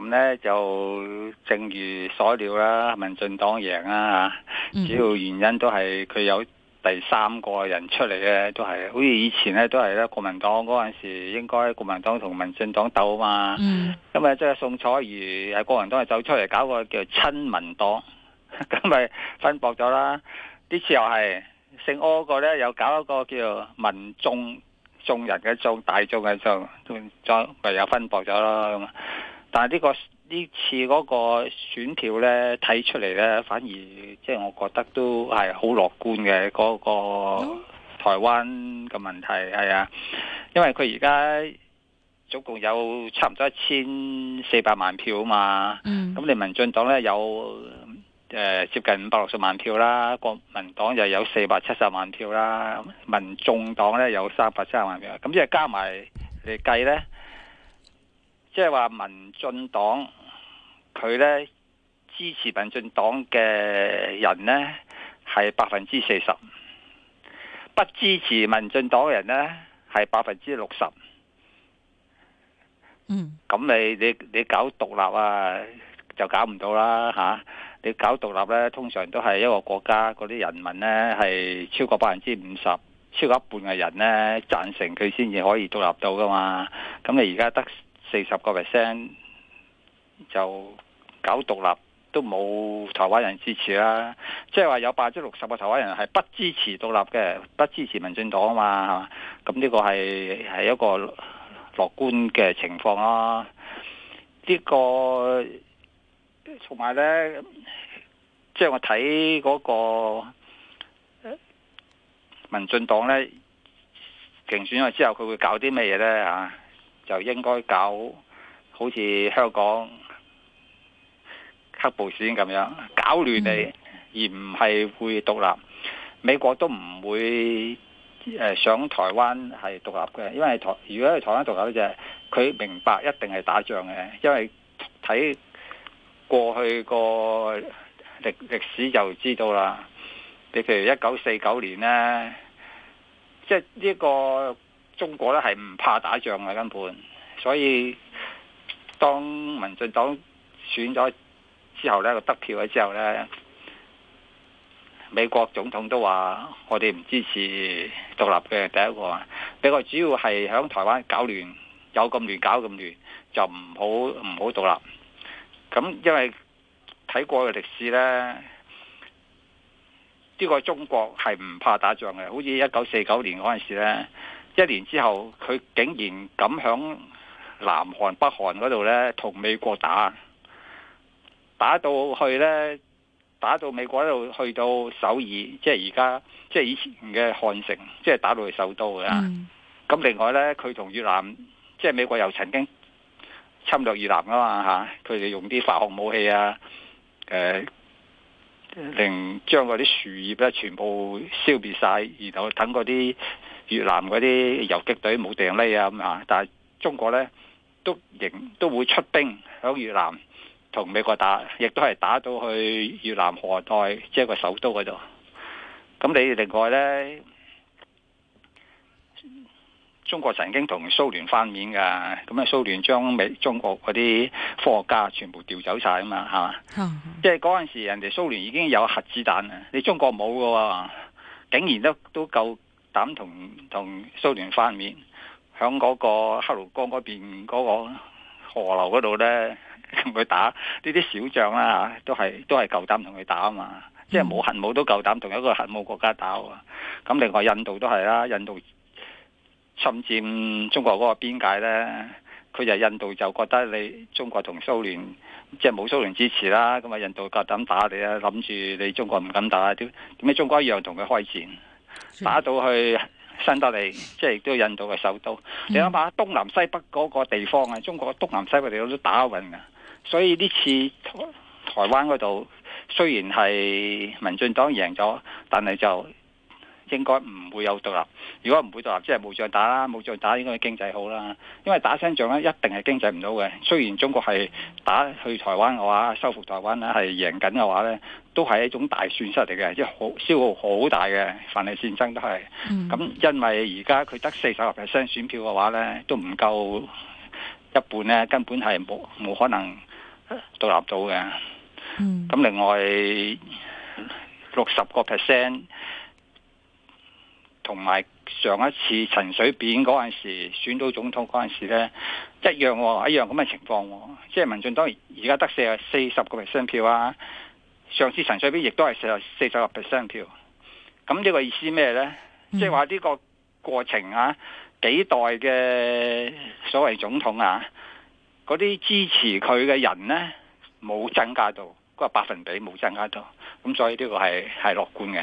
咁咧就正如所料啦，民進黨贏啦。主要原因都係佢有第三個人出嚟嘅，都係好似以前咧都係咧。國民黨嗰陣時應該國民黨同民進黨鬥嘛，咁咪即係宋楚瑜喺國民黨係走出嚟搞個叫親民黨，咁 咪分薄咗啦。呢次又係姓柯個咧又搞一個叫民眾眾人嘅眾大眾嘅眾，都仲又分薄咗啦。但係、這、呢個呢次嗰個選票咧睇出嚟咧，反而即係、就是、我覺得都係好樂觀嘅嗰、那個台灣嘅問題係啊，因為佢而家總共有差唔多一千四百萬票啊嘛，咁、嗯、你民進黨咧有誒、呃、接近五百六十萬票啦，國民黨又有四百七十萬票啦，民眾黨咧有三百七十萬票，咁即係加埋你計咧。即係話民進黨佢呢，支持民進黨嘅人呢係百分之四十，不支持民進黨嘅人呢係百分之六十。嗯，咁你你你搞獨立啊就搞唔到啦吓！你搞獨立呢，通常都係一個國家嗰啲人民呢係超過百分之五十，超過一半嘅人呢，贊成佢先至可以獨立到噶嘛。咁你而家得四十個 percent 就搞獨立都冇台灣人支持啦，啊，即係話有百分之六十嘅台灣人係不支持獨立嘅，不支持民進黨啊嘛，係嘛，咁呢個係係一個樂觀嘅情況啦。呢、這個同埋呢，即、就、係、是、我睇嗰個民進黨呢競選咗之後，佢會搞啲咩嘢呢？嚇？就應該搞好似香港黑暴綫咁樣搞亂你，而唔係會獨立。美國都唔會誒上、呃、台灣係獨立嘅，因為台如果係台灣獨立，就係佢明白一定係打仗嘅，因為睇過去個歷歷史就知道啦。你譬如一九四九年呢，即係呢個。中國咧係唔怕打仗嘅根本，所以當民進黨選咗之後咧，得票嘅之後呢，美國總統都話我哋唔支持獨立嘅，第一個，比較主要係響台灣搞亂，有咁亂搞咁亂就唔好唔好獨立。咁因為睇過嘅歷史呢，呢、呢個中國係唔怕打仗嘅，好似一九四九年嗰陣時咧。一年之後，佢竟然敢響南韓北韓嗰度呢，同美國打，打到去呢，打到美國嗰度去到首爾，即係而家即係以前嘅漢城，即係打到去首都嘅。咁、嗯、另外呢，佢同越南，即係美國又曾經侵略越南噶嘛嚇，佢哋用啲化學武器啊，誒、呃，令將嗰啲樹葉呢全部消滅晒，然後等嗰啲。越南嗰啲游擊隊冇掟呢啊咁啊，但係中國呢，都仍都會出兵響越南同美國打，亦都係打到去越南河內，即係個首都嗰度。咁、嗯、你另外呢，中國曾經同蘇聯翻面噶，咁啊蘇聯將美中國嗰啲科學家全部調走晒啊嘛，吓、啊， 即係嗰陣時人哋蘇聯已經有核子彈啊，你中國冇噶喎，竟然都都夠。膽同同蘇聯翻面，喺嗰個黑龍江嗰邊嗰個河流嗰度呢，同佢打，呢啲小仗啦都係都係夠膽同佢打啊嘛！即係冇核武都夠膽同一個核武國家打啊！咁另外印度都係啦，印度侵佔中國嗰個邊界呢，佢就印度就覺得你中國同蘇聯即係冇蘇聯支持啦，咁啊印度夠膽,膽打你啊！諗住你,你中國唔敢打，點點解中國一樣同佢開戰？打到去新德里，即係亦都印度嘅首都。你諗下，東南西北嗰個地方啊，中國嘅東南西北地方都打匀啊。所以呢次台灣嗰度雖然係民進黨贏咗，但係就。應該唔會有獨立。如果唔會獨立，即係冇再打啦，冇再打應該經濟好啦。因為打聲仗咧，一定係經濟唔到嘅。雖然中國係打去台灣嘅話，收復台灣咧係贏緊嘅話咧，都係一種大損失嚟嘅，即係好消耗好大嘅。凡係戰爭都係。咁因為而家佢得四十六 percent 嘅選票嘅話咧，都唔夠一半咧，根本係冇冇可能獨立到嘅。咁另外六十個 percent。同埋上一次陳水扁嗰陣時選到總統嗰陣時咧一樣喎，一樣咁、哦、嘅情況喎、哦。即係民進黨而家得四四十個 percent 票啊，上次陳水扁亦都係四十四十六 percent 票。咁呢個意思咩咧？即係話呢個過程啊，幾代嘅所謂總統啊，嗰啲支持佢嘅人咧冇增加到，嗰、嗰個百分比冇增加到。咁所以呢個係係樂觀嘅。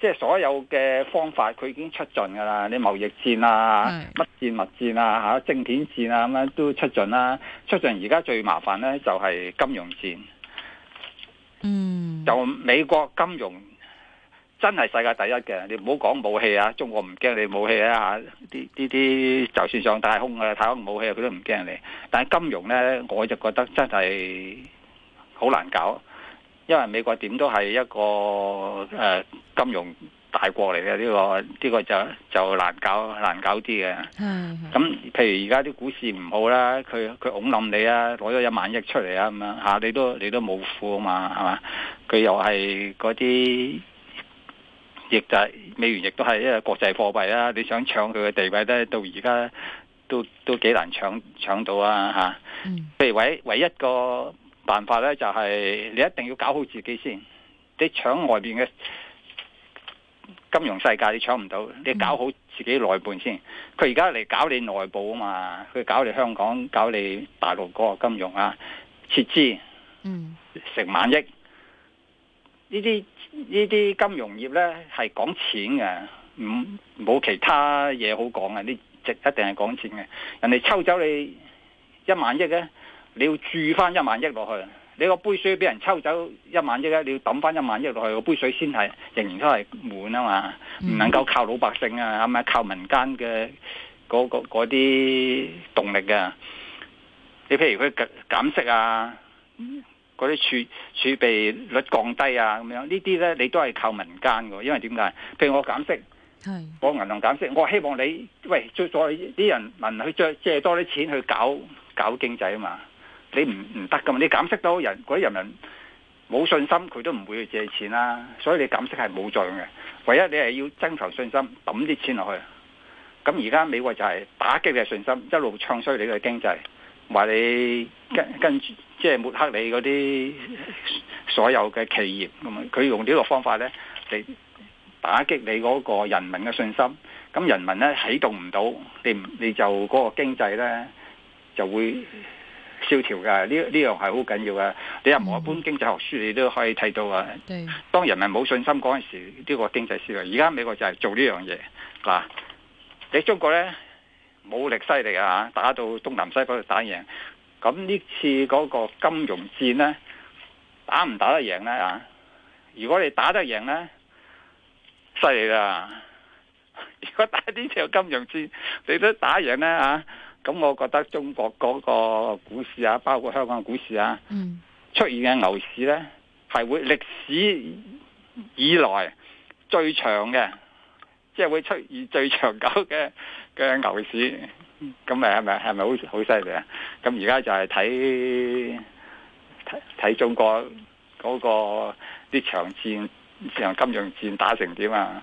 即係所有嘅方法，佢已經出盡㗎啦。你貿易戰啊，乜的戰物戰啊嚇，晶片戰啊咁樣都出盡啦。出盡而家最麻煩咧，就係金融戰。嗯，就美國金融真係世界第一嘅。你唔好講武器啊，中國唔驚你武器啊。啲啲啲，就算上太空啊，太空武器佢、啊、都唔驚你。但係金融咧，我就覺得真係好難搞。因為美國點都係一個誒、呃、金融大國嚟嘅，呢個呢、呢個就就難搞難搞啲嘅。咁 譬如而家啲股市唔好啦，佢佢拱冧你啊，攞咗一萬億出嚟啊，咁樣吓你都你都冇符啊嘛，係嘛？佢又係嗰啲亦就係，美元亦都係一個國際貨幣啦，你想搶佢嘅地位咧，到而家都都幾難搶搶到啊吓、啊。譬如唯唯一個。辦法咧就係、是、你一定要搞好自己先，你搶外邊嘅金融世界你搶唔到，你搞好自己內盤先。佢而家嚟搞你內部啊嘛，佢搞你香港，搞你大陸嗰個金融啊，撤資，嗯，成萬億。呢啲呢啲金融業咧係講錢嘅，唔冇其他嘢好講嘅，呢值一定係講錢嘅。人哋抽走你一萬億咧，你要注翻一萬億落去，你個杯水俾人抽走一萬億咧，你要抌翻一萬億落去個杯水先係仍然都係滿啊嘛，唔能夠靠老百姓啊，係咪？靠民間嘅嗰啲動力嘅、啊。你譬如佢減息啊，嗰啲儲儲備率降低啊，咁樣呢啲呢，你都係靠民間嘅，因為點解？譬如我減息，是我銀行減息，我希望你喂再再啲人能去借多啲錢去搞搞經濟啊嘛。你唔唔得噶嘛？你減息到人嗰啲人民冇信心，佢都唔會去借錢啦、啊。所以你減息係冇作用嘅。唯一你係要增強信心，抌啲錢落去。咁而家美國就係打擊你嘅信心，一路唱衰你嘅經濟，話你跟跟即係、就是、抹黑你嗰啲所有嘅企業，咁佢用呢個方法呢，你打擊你嗰個人民嘅信心。咁人民呢，起動唔到，你你就嗰個經濟咧就會蕭條噶，呢呢樣係好緊要噶。你任何一般經濟學書，你都可以睇到啊。嗯、當人民冇信心嗰陣時，呢、這個經濟蕭條。而家美國就係做呢樣嘢嗱。你中國呢，武力犀利啊，打到東南西北都打贏。咁呢次嗰個金融戰呢，打唔打得贏呢？啊？如果你打得贏呢，犀利啦！如果打呢場金融戰，你都打贏呢。啊？咁我覺得中國嗰個股市啊，包括香港股市啊，出現嘅牛市呢，係會歷史以來最長嘅，即係會出現最長久嘅嘅牛市。咁咪係咪係咪好好犀利啊？咁而家就係睇睇睇中國嗰個啲長戰長金融戰打成點啊！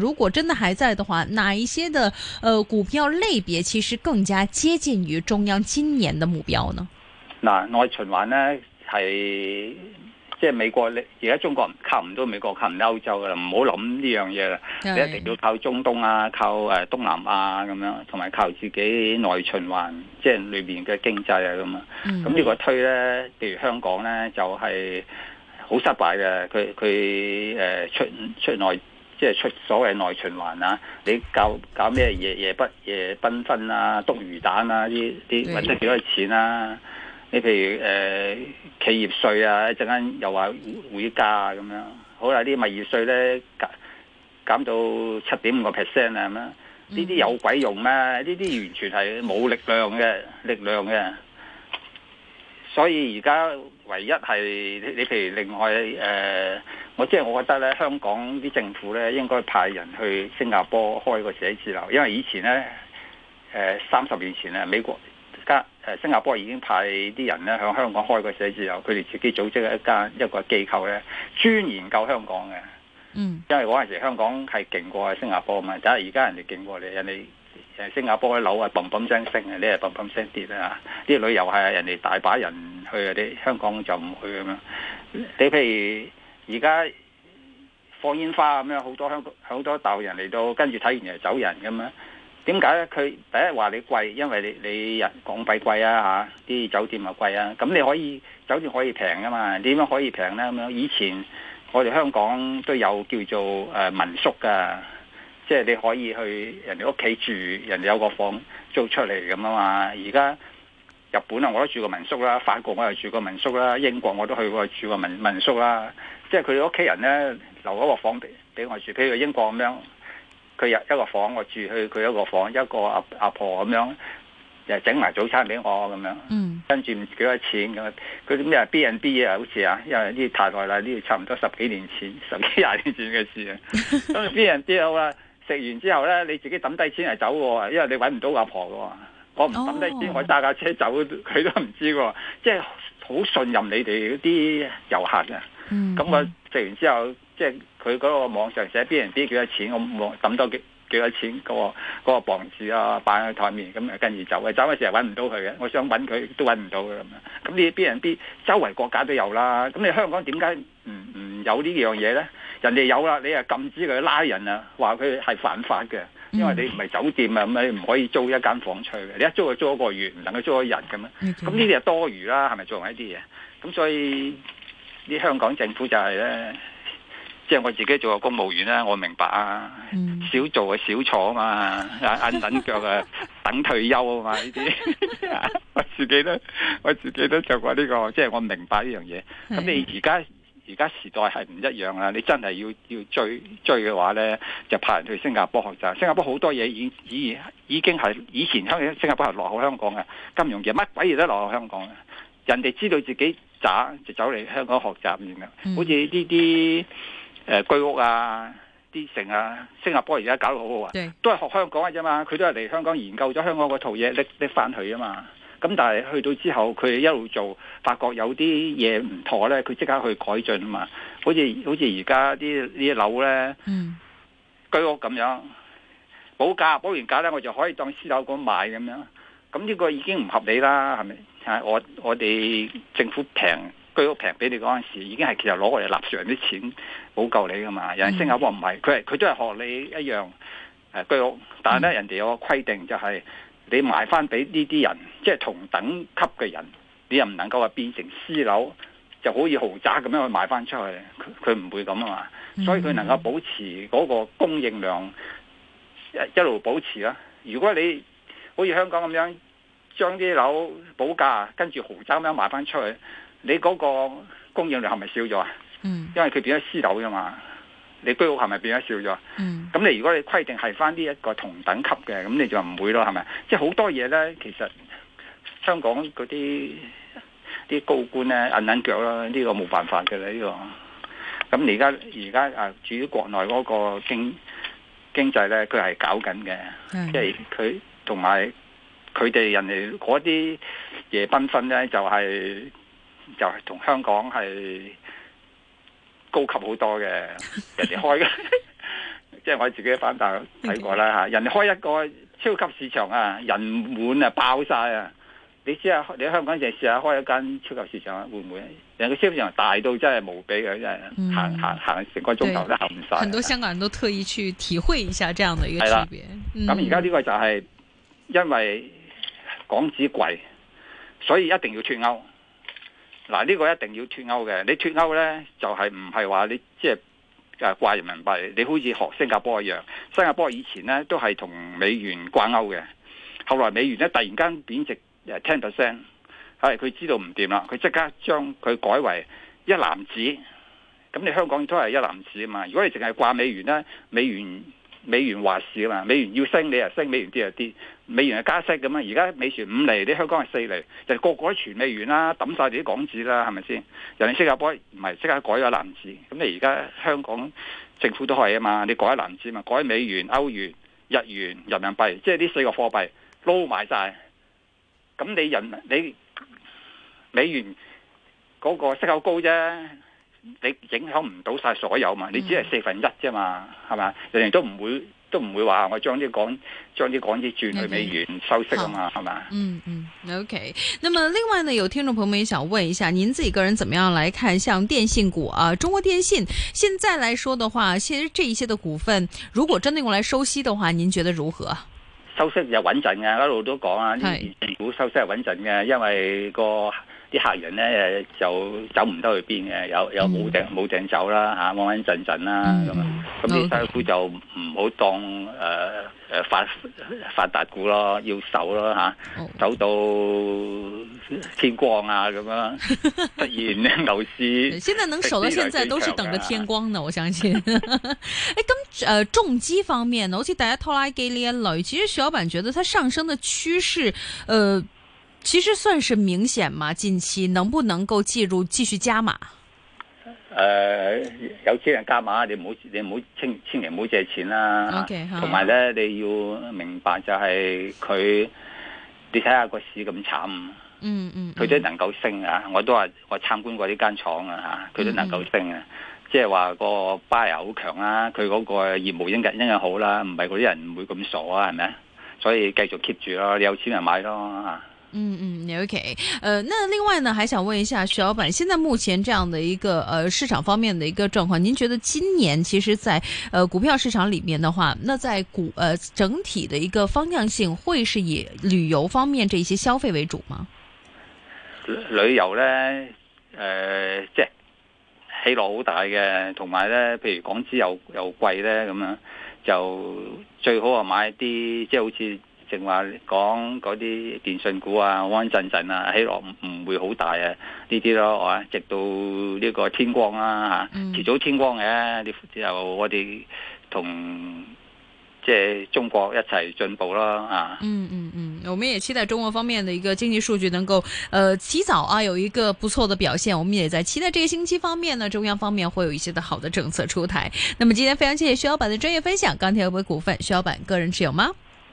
如果真的還在的話，哪一些的，呃，股票類別其實更加接近於中央今年的目標呢？內內循環呢，係即係美國，而家中國靠唔到美國，靠唔到歐洲噶啦，唔好諗呢樣嘢啦，對你一定要靠中東啊，靠誒、呃、東南亞咁樣，同埋靠自己內循環，即、就、係、是、裏邊嘅經濟啊咁啊。咁如果推咧，譬如香港咧就係、是、好失敗嘅，佢佢誒出出內。出內即係出所謂內循環啊！你搞搞咩夜夜不夜繽紛啊，篤魚蛋啊，啲啲搵得幾多錢啊？你譬如誒、呃、企業稅啊，一陣間又話會加啊咁樣。好啦，啲物業稅咧減到七點五個 percent 啊，咁啊，呢啲有鬼用咩？呢啲完全係冇力量嘅力量嘅，所以而家。唯一係你，你譬如另外誒、呃，我即係我覺得咧，香港啲政府咧應該派人去新加坡開個寫字樓，因為以前咧誒三十年前咧，美國加誒、呃、新加坡已經派啲人咧向香港開個寫字樓，佢哋自己組織一間一個機構咧，專研究香港嘅。嗯，因為嗰陣時香港係勁過新加坡啊嘛，但係而家人哋勁過你，人哋。誒新加坡嘅樓啊，嘣嘣聲升啊，你係嘣嘣聲跌啦，啲旅遊係啊，人哋大把人去啊，啲香港就唔去咁樣。你譬如而家放煙花咁樣，好多香港好多大陸人嚟到跟住睇完就走人咁樣。點解咧？佢第一話你貴，因為你你人港幣貴啊嚇，啲酒店又貴啊。咁你可以酒店可以平吖嘛？點樣可以平咧？咁樣以前我哋香港都有叫做誒民宿㗎。即係你可以去人哋屋企住，人哋有個房租出嚟咁啊嘛！而家日本啊，我都住過民宿啦，法國我又住過民宿啦，英國我都去過住過民民宿啦。即係佢哋屋企人咧留嗰個房俾我住，譬如英國咁樣，佢有一個房我住去，佢佢有一個房一個阿阿婆咁樣，又整埋早餐俾我咁樣，跟住唔幾多錢咁啊？嗰啲咩啊？B and B 啊好似啊，因為呢太耐啦，呢差唔多十幾年前、十幾廿年前嘅事啊，咁 啊、so、B and B 好啦。食完之後呢，你自己抌低錢嚟走喎，因為你揾唔到阿婆嘅喎，我唔抌低錢，oh. 我揸架車走，佢都唔知喎，即係好信任你哋嗰啲遊客嘅。咁、mm hmm. 我食完之後，即係佢嗰個網上寫 B and B 幾多錢，我冇抌多幾幾多錢嗰、那個、那個房子啊，擺喺台面咁啊，跟住走啊，走嘅時候揾唔到佢嘅，我想揾佢都揾唔到嘅咁樣。咁你 B&B 啲周圍國家都有啦，咁你香港點解唔唔有呢樣嘢咧？人哋有啦，你啊禁止佢拉人啊，話佢係犯法嘅，因為你唔係酒店啊，咁你唔可以租一間房出去嘅，你一租就租一個月，唔能夠租一日咁啊。咁呢啲啊多餘啦，係咪作為一啲嘢？咁所以啲香港政府就係咧。即係我自己做個公務員啦，我明白啊，少、嗯、做啊少坐啊嘛，硬等 腳啊等退休啊嘛呢啲， 我自己都，我自己都做過呢個，即係我明白呢樣嘢。咁是你而家而家時代係唔一樣啊！你真係要要追追嘅話咧，就派人去新加坡學習。新加坡好多嘢已已已經係以前香港，新加坡係落喺香港嘅金融業，乜鬼嘢都落喺香港嘅，人哋知道自己渣就走嚟香港學習咁樣，好似呢啲。誒居屋啊，啲城啊，新加坡而家搞到好好啊，都係學香港嘅啫嘛，佢都係嚟香港研究咗香港個套嘢，搦搦翻去啊嘛。咁但係去到之後，佢一路做，發覺有啲嘢唔妥咧，佢即刻去改進啊嘛。好似好似而家啲啲樓咧，嗯、居屋咁樣補價補完價咧，我就可以當私樓咁買咁樣。咁呢個已經唔合理啦，係咪啊？我我哋政府平。居屋平俾你嗰陣時，已經係其實攞我哋納稅人啲錢補救你噶嘛？有人新加坡話唔係，佢係佢都係學你一樣誒居屋，但係咧人哋有個規定就係、是、你賣翻俾呢啲人，即、就、係、是、同等級嘅人，你又唔能夠話變成私樓就好似豪宅咁樣去賣翻出去，佢唔會咁啊嘛。所以佢能夠保持嗰個供應量一一路保持啦、啊。如果你好似香港咁樣將啲樓補價，跟住豪宅咁樣賣翻出去。你嗰個供應量係咪少咗啊？嗯，因為佢變咗私樓㗎嘛，你居屋係咪變咗少咗啊？嗯，咁你如果你規定係翻呢一個同等級嘅，咁你就唔會咯，係咪？即係好多嘢咧，其實香港嗰啲啲高官咧，揞揞腳啦，呢個冇辦法嘅啦，呢個。咁你而家而家啊，至於國內嗰個經經濟咧，佢係搞緊嘅，即係佢同埋佢哋人哋嗰啲夜繽紛咧，就係。就係同香港係高級好多嘅，人哋開嘅，即係 我自己返大學睇過啦吓，Okay. 人哋開一個超級市場啊，人滿啊爆晒啊，你知啊，你喺香港就試下開一間超級市場，啊，會唔會？人哋個超級市場大到真係無比嘅，真係，mm. 行行行成個鐘頭都行唔晒。很多香港人都特意去體會一下這樣嘅一個區別。咁而家呢個就係因為港紙貴，所以一定要脫勾。嗱，呢個一定要脫鈎嘅。你脫鈎呢，就係唔係話你即係掛人民幣？你好似學新加坡一樣。新加坡以前呢都係同美元掛鈎嘅，後來美元呢突然間貶值誒 ten percent，係佢知道唔掂啦，佢即刻將佢改為一籃子。咁你香港都係一籃子啊嘛。如果你淨係掛美元呢，美元美元話事嘛，美元要升你啊升，美元跌啊跌。美元係加息咁嘛，而家美元五厘，啲香港係四厘，就個個都存美元啦，抌晒你啲港紙啦，係咪先？人哋新加坡唔係即刻改咗籃子？咁你而家香港政府都係啊嘛，你改籃子嘛，改美元、歐元、日元、人民幣，即係呢四個貨幣撈埋晒，咁你人你美元嗰個息口高啫，你影響唔到晒所有嘛？你只係四分一啫嘛，係咪？Mm hmm. 人人都唔會。都唔會話我將啲港將啲港紙轉去美元 Okay. 收息啊嘛，係嘛好吧、嗯？嗯嗯，OK。那麼另外呢，有聽眾朋友們也想問一下，您自己個人怎麼樣來看？像電信股啊，中國電信現在來說的話，其實這一些的股份，如果真的用來收息的話，您覺得如何？收息又穩陣嘅，一路都講啊，呢啲股收息係穩陣嘅，因為個。啲客人咧誒就走唔得去邊嘅，有有冇掟冇掟走啦嚇，穩穩陣陣啦咁啊，咁啲細股就唔好當誒誒、呃、發發達股咯，要守咯嚇，守到天光啊咁好樣，突然咧牛市。 現在能守到現在，都是等着天光的，我相信。誒咁誒重機方面，好似第一拖拉機呢一類，其實徐老闆，覺得它上升嘅趨勢，誒、呃。其實算是明顯嘛？近期能不能夠進入繼續加碼？誒，有錢人加碼，你唔好你唔好千千祈唔好借錢啦。OK 哈。同埋咧，你要明白就係佢，你睇下個市咁慘，嗯嗯，佢都能夠升啊！我都話我參觀過呢間廠啊吓，佢都能夠升啊！即係話個 buyer 好強啦，佢嗰個業務應日應日好啦，唔係嗰啲人唔會咁傻啊，係咪啊？所以繼續 keep 住咯，你有錢人買咯啊！嗯嗯，OK，誒、呃，那另外呢，還想問一下徐老闆，現在目前這樣的一個，誒、呃、市場方面的一個狀況，您覺得今年其實在，在、呃、誒股票市場裏面的話，那在股，誒、呃、整體的一個方向性會是以旅遊方面這些消費為主嗎？旅遊呢，誒、呃、即係起落好大嘅，同埋呢譬如港紙又又貴呢，咁樣，就最好係買啲即係好似。淨話講嗰啲電訊股啊，穩陣陣啊，起落唔唔會好大啊，呢啲咯啊，啊，直到呢個天光啦，啊，遲早天光嘅，啊，之後我哋同即係中國一齊進步咯，啊，嗯，嗯嗯嗯，我們也期待中國方面的一個經濟數據能夠，呃，起早啊有一個不錯的表現，我們也在期待這個星期方面呢，中央方面會有一些的好的政策出台。那麼今天非常謝謝徐老闆的專業分享，鋼鐵有冇股份徐老闆個人持有嗎？